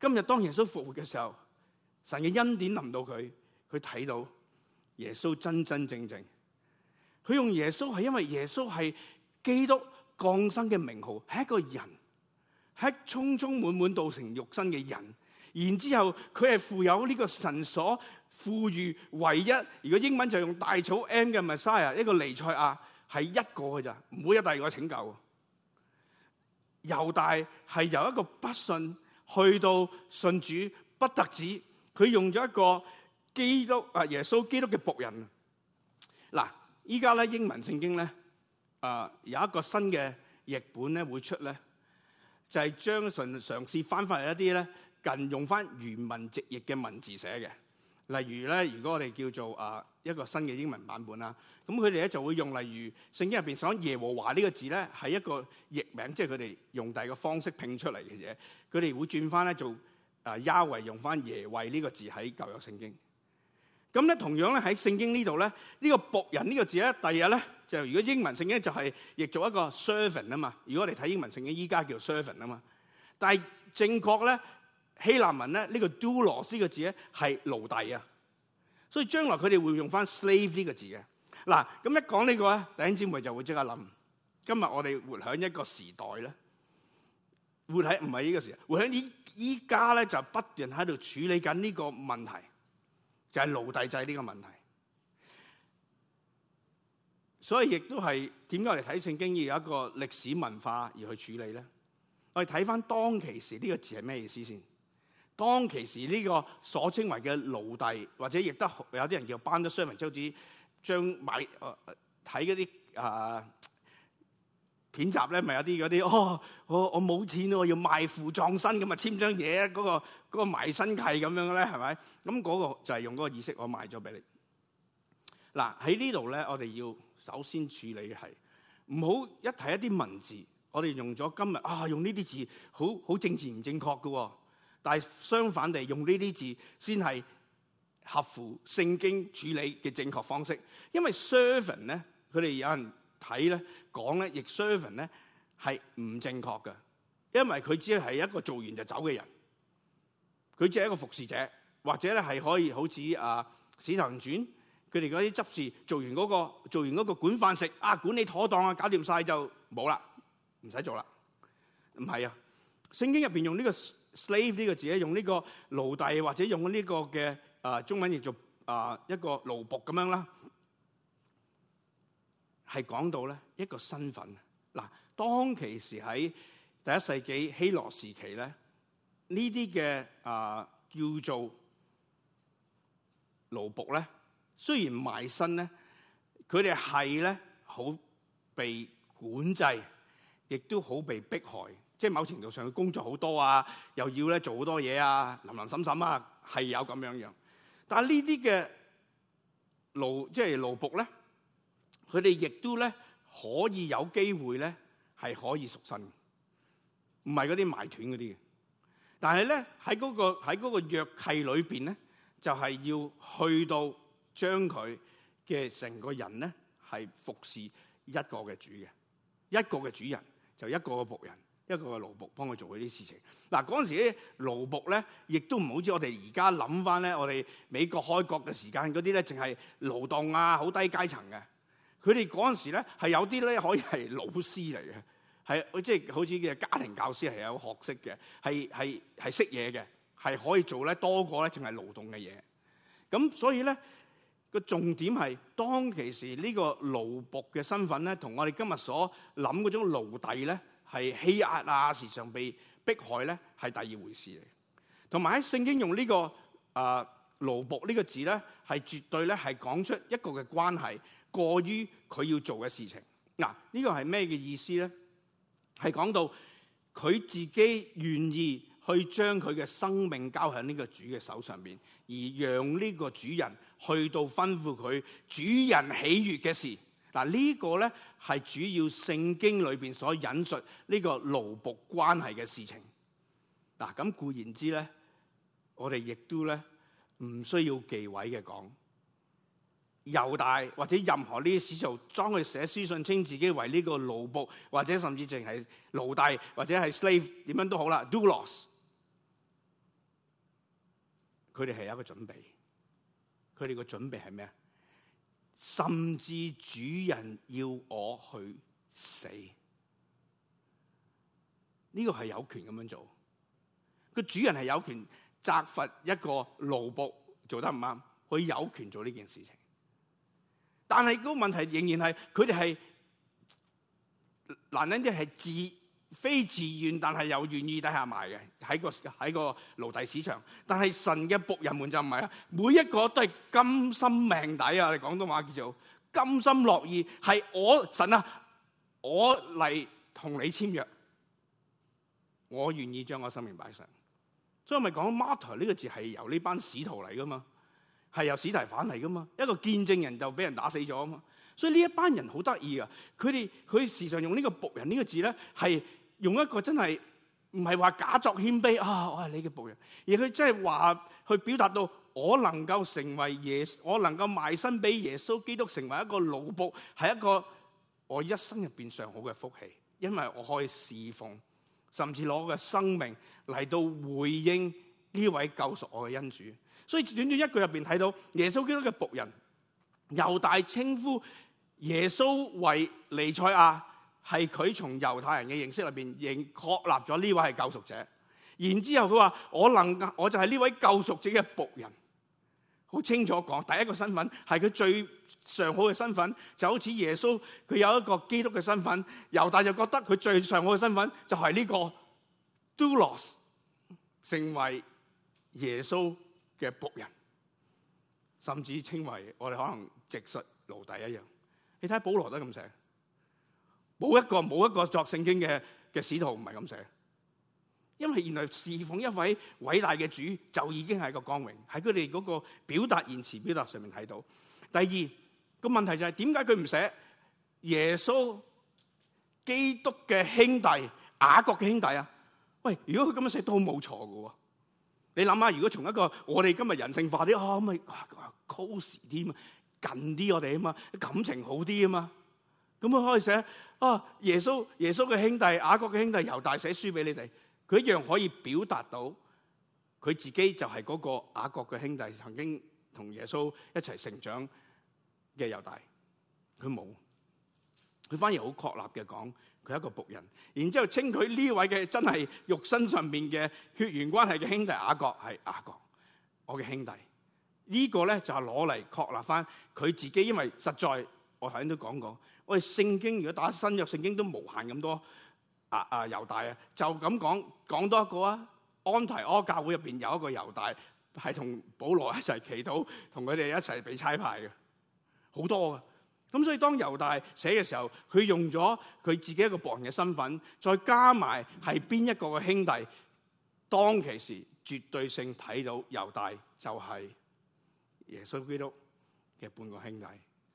今日當耶穌復活嘅時候，神嘅恩典臨到佢，佢睇到耶穌真真正正。佢用耶穌係因為耶穌係基督降生嘅名號，係一個人，係充充滿滿道成肉身嘅人。然之後佢係富有呢個神所賦予唯一，如果英文就用大草 M 嘅 Messiah，一個彌賽亞係一個嘅咋，唔會一有第二個拯救。猶大係由一個不信。.去到信主不得止，佢用咗一個基督啊耶穌基督嘅僕人。嗱，依家咧，英文聖經咧啊、呃、有一個新嘅譯本咧會出咧，就係、是、將嘗嘗試翻翻嚟一啲咧，近用翻原文直譯嘅文字寫嘅。例如咧，如果我哋叫做啊。一個新嘅英文版本啦，咁佢哋咧就會用，例如聖經入邊講耶和華呢個字咧，係一個譯名，即係佢哋用第二個方式拼出嚟嘅嘢。佢哋會轉翻咧做啊押、呃、維，用翻耶維呢個字喺舊約聖經。咁咧同樣咧喺聖經呢度咧，呢、這個僕人呢個字咧，第二日咧就如果英文聖經就係譯做一個 servant 啊嘛。如果我哋睇英文聖經，依家叫 servant 啊嘛。但係正確咧希臘文咧呢、這個 do 羅斯嘅字咧係奴隸啊。所以將來佢哋會用翻 slave 呢個字嘅，嗱咁一講呢個咧，弟兄姐妹就會即刻諗，今日我哋活喺一個時代咧，活喺唔係呢個時代，活喺依依家咧就不斷喺度處理緊呢個問題，就係奴隸制呢個問題。所以亦都係點解我哋睇聖經要有一個歷史文化而去處理咧？我哋睇翻當其時呢個字係咩意思先？當其時呢個所稱為嘅奴隸，或者亦都有啲人叫班德商文就只將買睇嗰啲啊，啊片集咧，咪有啲嗰啲哦，我我冇錢喎，我要賣父葬身咁啊，簽張嘢嗰個嗰、那個那個、賣身契咁樣咧，係咪？咁、那、嗰個就係用嗰個意識我、啊，我賣咗俾你。嗱喺呢度咧，我哋要首先處理嘅係唔好一睇一啲文字，我哋用咗今日啊，用呢啲字好好政治正字唔正確㗎喎。但係相反地，用呢啲字先係合乎聖經處理嘅正確方式，因為 servant 咧，佢哋有人睇咧講咧，亦 servant 咧係唔正確嘅，因為佢只係一個做完就走嘅人，佢只係一個服侍者，或者咧係可以好似啊《使徒行傳》，佢哋嗰啲執事做完嗰個做完嗰個管飯食啊，管理妥當啊，搞掂晒就冇啦，唔使做啦，唔係啊，聖經入邊用呢個。slave 呢個字咧，用呢個奴隸或者用呢個嘅啊、呃、中文譯做啊、呃、一個奴僕。咁樣啦，係講到咧一個身份。嗱、啊，當其時喺第一世紀希羅時期咧，呢啲嘅啊叫做奴僕。咧，雖然賣身咧，佢哋係咧好被管制，亦都好被迫害。即係某程度上嘅工作好多啊，又要咧做好多嘢啊，林林沈沈啊，係有咁樣樣。但係呢啲嘅奴即係奴僕咧，佢哋亦都咧可以有機會咧係可以贖身，唔係嗰啲賣斷嗰啲嘅。但係咧喺嗰個喺嗰個約契裏邊咧，就係、是、要去到將佢嘅成個人咧係服侍一個嘅主嘅一個嘅主人，就一個嘅僕人。一個個奴僕幫佢做佢啲事情。嗱，嗰陣時咧，奴僕咧亦都唔好似我哋而家諗翻咧，我哋美國開國嘅時間嗰啲咧，淨係勞動啊，好低階層嘅。佢哋嗰陣時咧係有啲咧可以係老師嚟嘅，係即係好似嘅家庭教師係有學識嘅，係係係識嘢嘅，係可以做咧多過咧淨係勞動嘅嘢。咁所以咧個重點係當其時呢個奴僕嘅身份咧，同我哋今日所諗嗰種奴隸咧。係欺壓啊，時常被迫害咧，係第二回事嚟。同埋喺聖經用呢、這個啊奴僕呢個字咧，係絕對咧係講出一個嘅關係過於佢要做嘅事情。嗱、啊，呢、這個係咩嘅意思咧？係講到佢自己願意去將佢嘅生命交喺呢個主嘅手上邊，而讓呢個主人去到吩咐佢主人喜悅嘅事。嗱、這個，呢個咧係主要聖經裏邊所引述呢個奴僕關係嘅事情。嗱，咁固然之咧，我哋亦都咧唔需要忌諱嘅講，猶大或者任何呢啲史就裝去寫書信，稱自己為呢個奴僕或者甚至淨係奴隸或者係 slave 點樣都好啦，doulos。佢哋係一個準備，佢哋個準備係咩啊？甚至主人要我去死，呢、這個係有權咁樣做。個主人係有權責罰一個奴僕，做得唔啱，佢有權做呢件事情。但係個問題仍然係，佢哋係難人，啲係自。非自願但係又願意底下埋嘅，喺個喺個奴隸市場。但係神嘅僕人們就唔係啊，每一個都係甘心命底啊！你廣東話叫做甘心樂意，係我神啊，我嚟同你簽約，我願意將我生命擺上。所以我咪講 martyr、這、呢個字係由呢班使徒嚟噶嘛，係由史提反嚟噶嘛，一個見證人就俾人打死咗啊嘛。所以呢一班人好得意啊！佢哋佢時常用呢個僕人呢個字咧，係用一個真係唔係話假作謙卑啊！我係你嘅僕人，而佢真係話去表達到我能夠成為耶穌，我能夠賣身俾耶穌基督，成為一個老僕，係一個我一生入邊上好嘅福氣，因為我可以侍奉，甚至攞我嘅生命嚟到回應呢位救贖我嘅恩主。所以短短一句入邊睇到耶穌基督嘅僕人，又大稱呼。耶穌為尼賽亞，係佢從猶太人嘅認識入邊認確立咗呢位係救贖者。然之後佢話，我能我就係呢位救贖者嘅僕人。好清楚講，第一個身份係佢最上好嘅身份，就好似耶穌佢有一個基督嘅身份，猶大就覺得佢最上好嘅身份就係呢個 doulos 成為耶穌嘅僕人，甚至稱為我哋可能直實奴隸一樣。你睇保羅都咁寫，冇一個冇一個作聖經嘅嘅使徒唔係咁寫，因為原來侍奉一位偉大嘅主就已經係一個光榮，喺佢哋嗰個表達言詞表達上面睇到。第二個問題就係點解佢唔寫耶穌基督嘅兄弟雅各嘅兄弟啊？喂，如果佢咁樣寫都冇錯喎！你諗下如果從一個我哋今日人性化啲啊咁咪高士添。近啲我哋啊嘛，感情好啲啊嘛，咁佢可以寫啊耶穌耶穌嘅兄弟雅各嘅兄弟猶大寫書俾你哋，佢一樣可以表達到佢自己就係個雅各嘅兄弟，曾經同耶穌一齊成長嘅猶大，佢冇，佢反而好確立嘅講佢係一個僕人，然之後稱佢呢位嘅真係肉身上面嘅血緣關係嘅兄弟雅各係雅各，我嘅兄弟。呢、這個咧就係攞嚟確立翻佢自己，因為實在我頭先都講過，我哋聖經如果打新約聖經都無限咁多啊啊，猶大啊，就咁講講多一個啊。安提阿教會入邊有一個猶大係同保羅一齊祈禱，同佢哋一齊被差派嘅好多嘅。咁所以當猶大寫嘅時候，佢用咗佢自己一個僕人嘅身份，再加埋係邊一個嘅兄弟，當其時絕對性睇到猶大就係、是。耶穌基督嘅半個兄弟，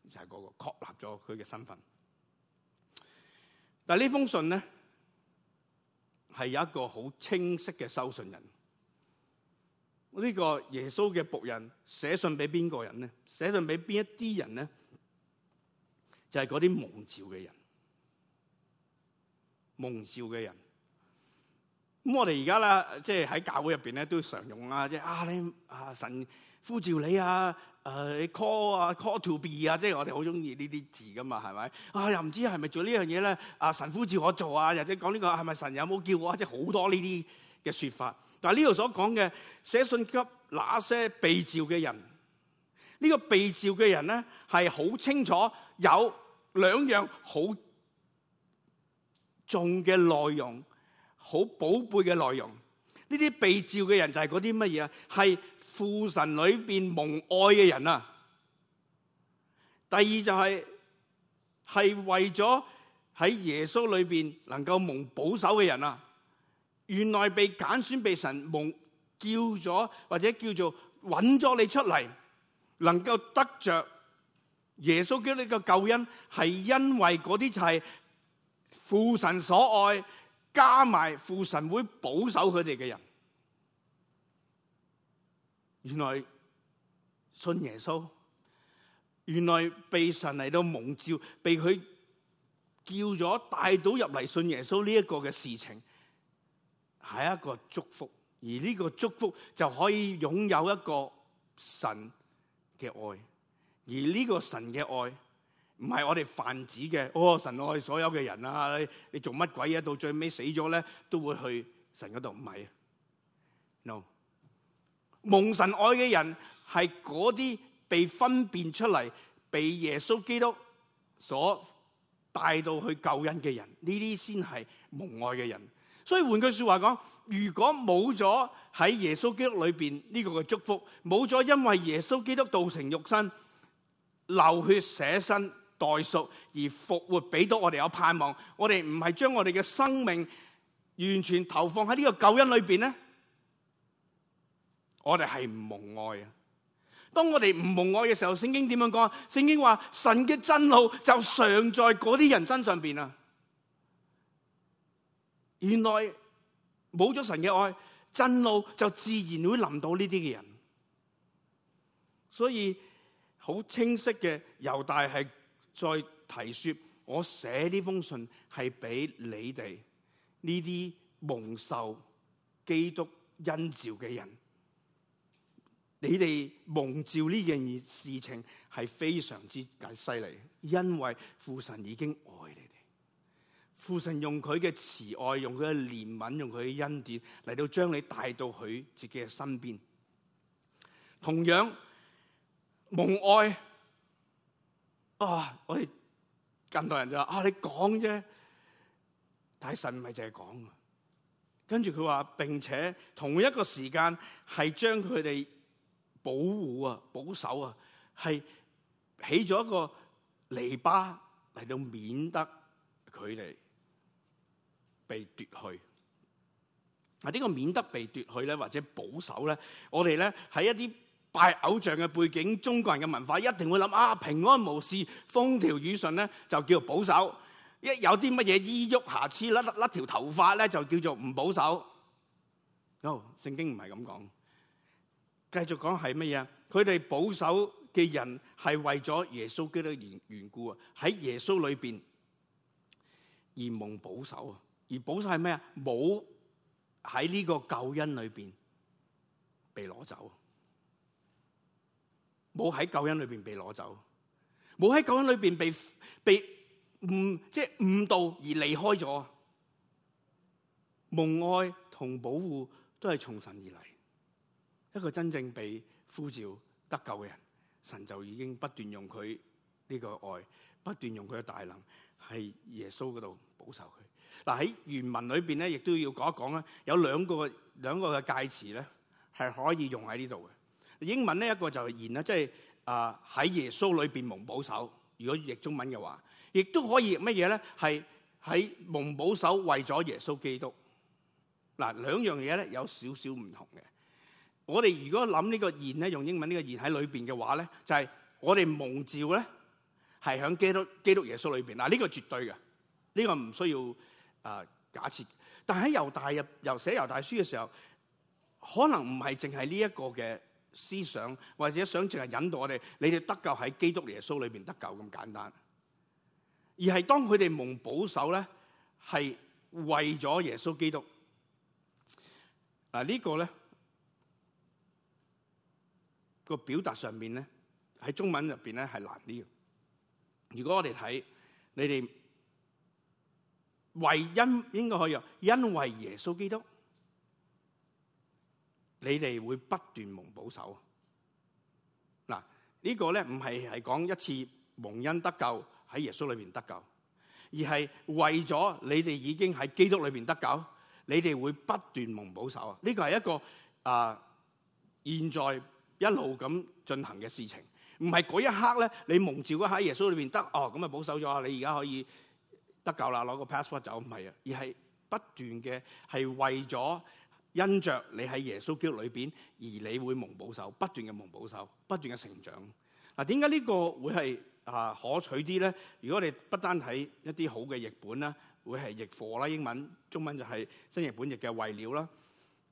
就係嗰個確立咗佢嘅身份。但係呢封信咧係有一個好清晰嘅收信人。呢個耶穌嘅僕人寫信俾邊個人咧？寫信俾邊一啲人咧？就係嗰啲蒙召嘅人，蒙召嘅人。咁我哋而家啦，即係喺教會入邊咧都常用啦、啊，即係阿你、啊、神、呼召你啊、呃、call 啊，call to be 啊，即係我哋好中意呢啲字噶嘛，係咪？啊，又唔知係咪做呢樣嘢咧？啊，神呼召我做啊，或者講呢個係咪神有冇叫我、啊？即係好多呢啲嘅說法。但呢度所講嘅寫信給那些被召嘅人，呢個被召嘅人咧係好清楚有兩樣好重嘅內容，好寶貝嘅內容。呢啲被召嘅人就係嗰啲乜嘢係？父神裏邊蒙愛嘅人啊，第二就係、是、係為咗喺耶穌裏邊能夠蒙保守嘅人啊，原來被揀選、被神蒙叫咗或者叫做揾咗你出嚟，能夠得着耶穌給呢個救恩，係因為嗰啲就係父神所愛，加埋父神會保守佢哋嘅人。原來信耶穌，原來被神嚟到蒙召，被佢叫咗帶到入嚟信耶穌呢一個嘅事情係一個祝福，而呢個祝福就可以擁有一個神嘅愛，而呢個神嘅愛唔係我哋泛指嘅，哦神愛所有嘅人啊，你，你做乜鬼嘢、啊、到最尾死咗咧都會去神嗰度唔係啊，no。蒙神愛嘅人係嗰啲被分辨出嚟，被耶穌基督所帶到去救恩嘅人，呢啲先係蒙愛嘅人。所以換句說話講，如果冇咗喺耶穌基督裏邊呢個嘅祝福，冇咗因為耶穌基督道成肉身，流血捨身，代贖而復活，俾到我哋有盼望，我哋唔係將我哋嘅生命完全投放喺呢個救恩裏邊咧？我哋係唔蒙愛呀。當我哋唔蒙愛嘅時候，聖經點樣講？聖經話神嘅震怒就常在嗰啲人身上邊啊。原來冇咗神嘅愛，震怒就自然會臨到呢啲嘅人。所以好清晰嘅，猶大係再提說，我寫呢封信係俾你哋呢啲蒙受基督恩召嘅人。你哋蒙召呢件事情係非常之犀利，因為父神已經愛你哋，父神用佢嘅慈愛、用佢嘅憐憫、用佢嘅恩典嚟到將你帶到佢自己嘅身邊。同樣蒙愛啊！我哋咁多人就話啊，你講啫，但神唔係淨係講，跟住佢話，並且同一個時間係將佢哋。保護啊，保守啊，係起咗一個籬笆嚟到免得佢哋被奪去。啊，呢個免得被奪去咧，或者保守咧，我哋咧喺一啲拜偶像嘅背景，中國人嘅文化一定會諗啊，平安無事、風調雨順咧就叫做保守。一有啲乜嘢衣郁瑕疵、甩甩條頭髮咧，就叫做唔保守。哦，no，聖經唔係咁講。繼續講係乜嘢？佢哋保守嘅人係為咗耶穌基督嘅緣緣故啊！喺耶穌裏邊而蒙保守啊！而保守係咩啊？冇喺呢個救恩裏邊被攞走，冇喺救恩裏邊被攞走，冇喺救恩裏邊被被，被誤即係誤導而離開咗。蒙愛同保護都係從神而嚟。一個真正被呼召得救嘅人，神就已經不斷用佢呢個愛，不斷用佢嘅大能，喺耶穌嗰度保守佢。嗱，喺原文裏邊咧，亦都要講一講啦。有兩個兩個嘅介詞咧，係可以用喺呢度嘅。英文咧，一個就係言啦，即係啊，喺耶穌裏邊蒙保守。如果譯中文嘅話，亦都可以乜嘢咧？係喺蒙保守為咗耶穌基督。嗱，兩樣嘢咧有少少唔同嘅。我哋如果諗呢個言咧，用英文呢個言喺裏邊嘅話咧，就係、是、我哋蒙召咧，係喺基督基督耶穌裏邊。嗱，呢個絕對嘅，呢、這個唔需要，呃、假設。但喺猶大入由寫猶大書嘅時候，可能唔係淨係呢一個嘅思想，或者想淨係引導我哋，你哋得救喺基督耶穌裏邊得救咁簡單，而係當佢哋蒙保守咧，係為咗耶穌基督。嗱、這個、呢個咧。個表達上面咧，喺中文入邊咧係難啲嘅。如果我哋睇你哋為因應該可以有，因為耶穌基督，你哋會不斷蒙保守。嗱，呢個咧唔係係講一次蒙恩得救喺耶穌裏邊得救，而係為咗你哋已經喺基督裏邊得救，你哋會不斷蒙保守啊！呢個係一個啊，現在。一路咁進行嘅事情，唔係嗰一刻咧，你蒙召喺耶穌裏面得哦，咁啊保守咗你而家可以得救啦，攞個 passport 走，唔係啊，而係不斷嘅係為咗因着你喺耶穌基督裏面而你會蒙保守，不斷嘅蒙保守，不斷嘅成長。嗱、啊，點解呢個會係啊可取啲咧？如果你不單睇一啲好嘅譯本啦，會係譯貨啦，英文、中文就係新譯本譯嘅為了啦，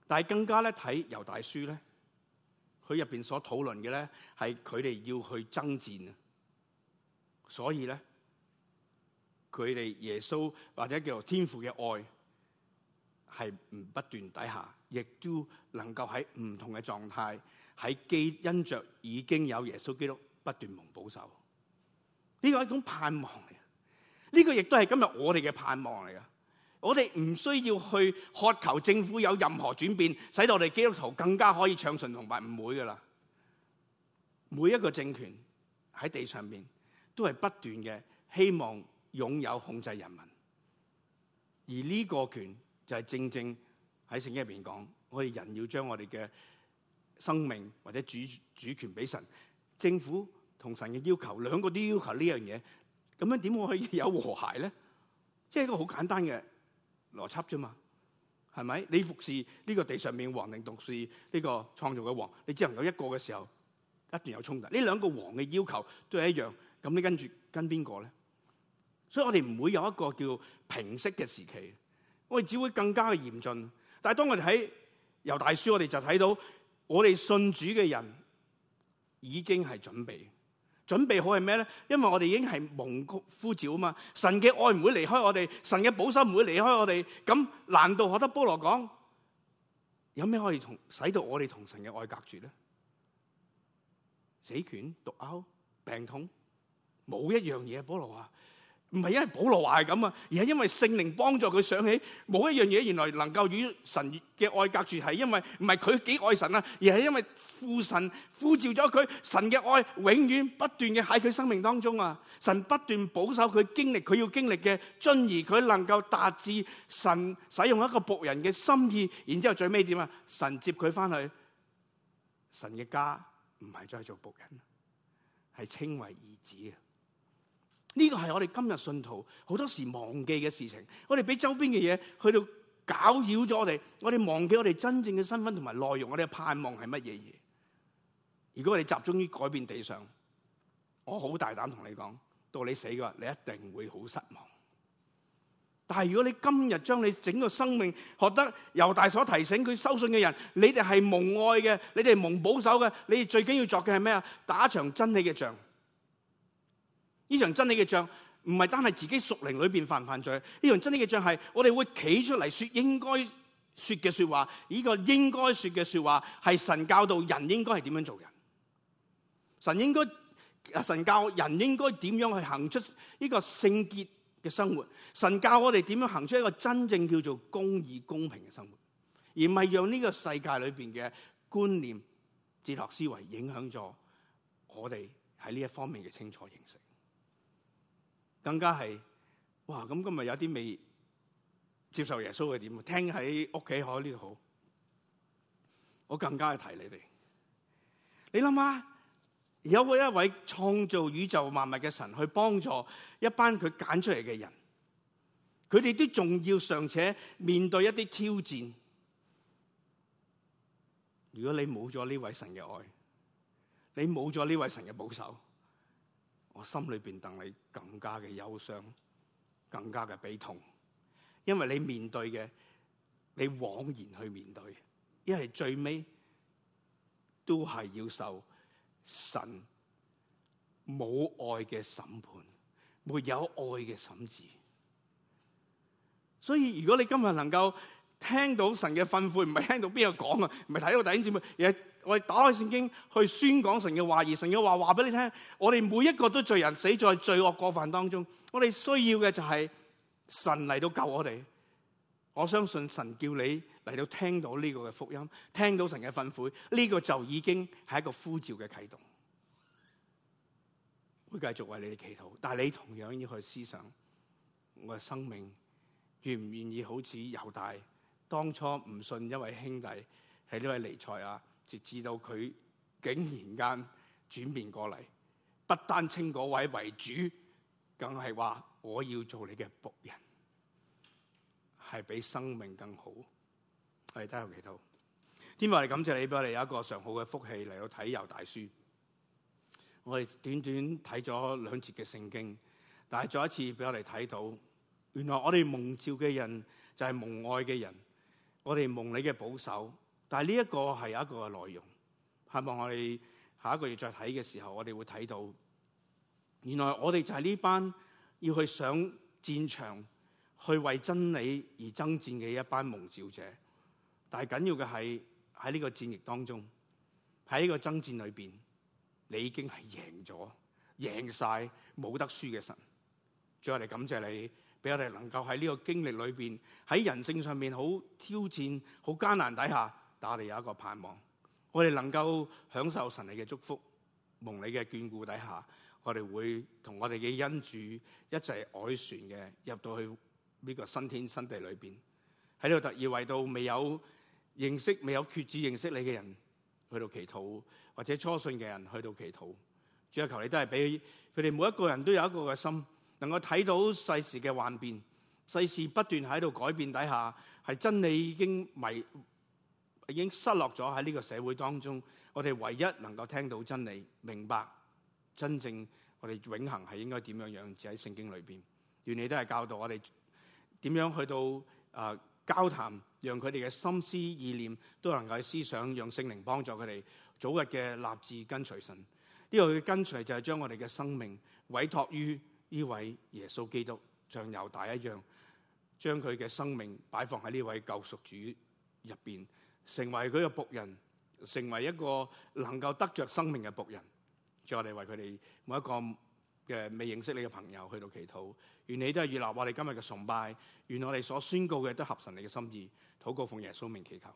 但係更加咧睇猶大書咧。佢入邊所討論嘅咧，係佢哋要去爭戰啊，所以咧，佢哋耶穌或者叫做天父嘅愛係唔不斷底下，亦都能夠喺唔同嘅狀態，喺基因着已經有耶穌基督不斷蒙保守。呢個係一種盼望嚟，呢個亦都係今日我哋嘅盼望嚟噶。我哋唔需要去渴求政府有任何轉變，使到我哋基督徒更加可以暢順同埋唔會噶啦。每一個政權喺地上面都係不斷嘅希望擁有控制人民，而呢個權就係正正喺聖經入邊講，我哋人要將我哋嘅生命或者主主權俾神。政府同神嘅要求兩個都要求呢樣嘢，咁樣點會可以有和諧咧？即係一個好簡單嘅。邏輯啫嘛，係咪？你服侍呢個地上面嘅王，定服侍呢個創造嘅王，你只能有一個嘅時候，一定有衝突。呢兩個王嘅要求都係一樣，咁你跟住跟邊個咧？所以我哋唔會有一個叫平息嘅時期，我哋只會更加嘅嚴峻。但係當我哋喺猶大書，我哋就睇到我哋信主嘅人已經係準備。準備好係咩咧？因為我哋已經係蒙呼召啊嘛！神嘅愛唔會離開我哋，神嘅保守唔會離開我哋。咁難道學得保羅講，有咩可以同使到我哋同神嘅愛隔絕咧？死權、毒鈎、病痛，冇一樣嘢，保羅話！唔係因為保羅話係咁啊，而係因為聖靈幫助佢想起，冇一樣嘢原來能夠與神嘅愛隔住，係因為唔係佢幾愛神啊，而係因為父神呼召咗佢，神嘅愛永遠不斷嘅喺佢生命當中啊，神不斷保守佢經歷，佢要經歷嘅，進而佢能夠達至神使用一個僕人嘅心意，然之後最尾點啊，神接佢翻去，神嘅家唔係再做僕人，係稱為兒子啊。呢、這個係我哋今日信徒好多時候忘記嘅事情，我哋俾周邊嘅嘢去到攪擾咗我哋，我哋忘記我哋真正嘅身份同埋內容，我哋嘅盼望係乜嘢嘢？如果我哋集中於改變地上，我好大膽同你講，到你死嘅話，你一定會好失望。但係如果你今日將你整個生命學得猶大所提醒佢收信嘅人，你哋係蒙愛嘅，你哋係蒙保守嘅，你哋最緊要作嘅係咩啊？打場真理嘅仗。呢場真理嘅仗唔係單係自己屬靈裏邊犯唔犯罪？呢場真理嘅仗係我哋會企出嚟說應該說嘅說話。呢個應該說嘅說話係神教導人應該係點樣做人。神應該神教人應該點樣去行出呢個聖潔嘅生活？神教我哋點樣行出一個真正叫做公義、公平嘅生活，而唔係讓呢個世界裏邊嘅觀念、哲學思維影響咗我哋喺呢一方面嘅清楚認識。更加係，哇！咁今日有啲未接受耶穌嘅點啊？聽喺屋企可呢度好，我更加係提你哋。你諗下，有冇一位創造宇宙萬物嘅神去幫助一班佢揀出嚟嘅人，佢哋都仲要尚且面對一啲挑戰。如果你冇咗呢位神嘅愛，你冇咗呢位神嘅保守，我心裏邊等你更加嘅憂傷，更加嘅悲痛，因為你面對嘅，你枉然去面對，因為最尾都係要受神冇愛嘅審判，沒有愛嘅審治。所以如果你今日能夠聽到神嘅訓誨，唔係聽到邊個講啊，唔係睇到弟兄姊妹我哋打開聖經去宣講神嘅話，而神嘅話話俾你聽，我哋每一個都罪人，死在罪惡過犯當中。我哋需要嘅就係神嚟到救我哋。我相信神叫你嚟到聽到呢個嘅福音，聽到神嘅訓誨，呢、這個就已經係一個呼召嘅啟動。會繼續為你哋祈禱，但係你同樣要去思想我嘅生命願唔願意好似猶大當初唔信一位兄弟係呢位彌賽亞？直至到佢竟然間轉變過嚟，不單稱嗰位為主，更係話我要做你嘅僕人，係比生命更好。我哋低頭祈禱。天父，感謝你俾我哋有一個上好嘅福氣嚟到睇《猶太書》，我哋短短睇咗兩節嘅聖經，但係再一次俾我哋睇到，原來我哋蒙召嘅人就係蒙愛嘅人，我哋蒙你嘅保守。但係呢一個係有一個嘅內容，希望我哋下一個月再睇嘅時候，我哋會睇到，原來我哋就係呢班要去上戰場去為真理而爭戰嘅一班蒙召者。但係緊要嘅係喺呢個戰役當中，喺呢個爭戰裏邊，你已經係贏咗，贏晒冇得輸嘅神。最後哋感謝你，俾我哋能夠喺呢個經歷裏邊，喺人性上面好挑戰、好艱難底下。但我哋有一個盼望，我哋能夠享受神你嘅祝福，蒙你嘅眷顧底下，我哋會同我哋嘅恩主一齊凱旋嘅入到去呢個新天新地裏邊，喺度特意為到未有認識、未有決志認識你嘅人去到祈禱，或者初信嘅人去到祈禱。主啊，求你都係俾佢哋每一個人都有一個嘅心，能夠睇到世事嘅幻變，世事不斷喺度改變底下，係真理已經迷已經失落咗喺呢個社會當中，我哋唯一能夠聽到真理、明白真正我哋永恆係應該點樣樣，就喺聖經裏邊，原嚟都係教導我哋點樣去到誒、呃、交談，讓佢哋嘅心思意念都能夠去思想，讓聖靈幫助佢哋早日嘅立志跟隨神。呢、這個嘅跟隨就係將我哋嘅生命委託於呢位耶穌基督，像猶大一樣，將佢嘅生命擺放喺呢位救贖主入邊。成為佢嘅僕人，成為一個能夠得着生命嘅僕人，再我哋為佢哋每一個未認識你嘅朋友去到祈禱，願你都係悅納我哋今日嘅崇拜，願我哋所宣告嘅都合神你嘅心意，禱告奉耶穌名祈求。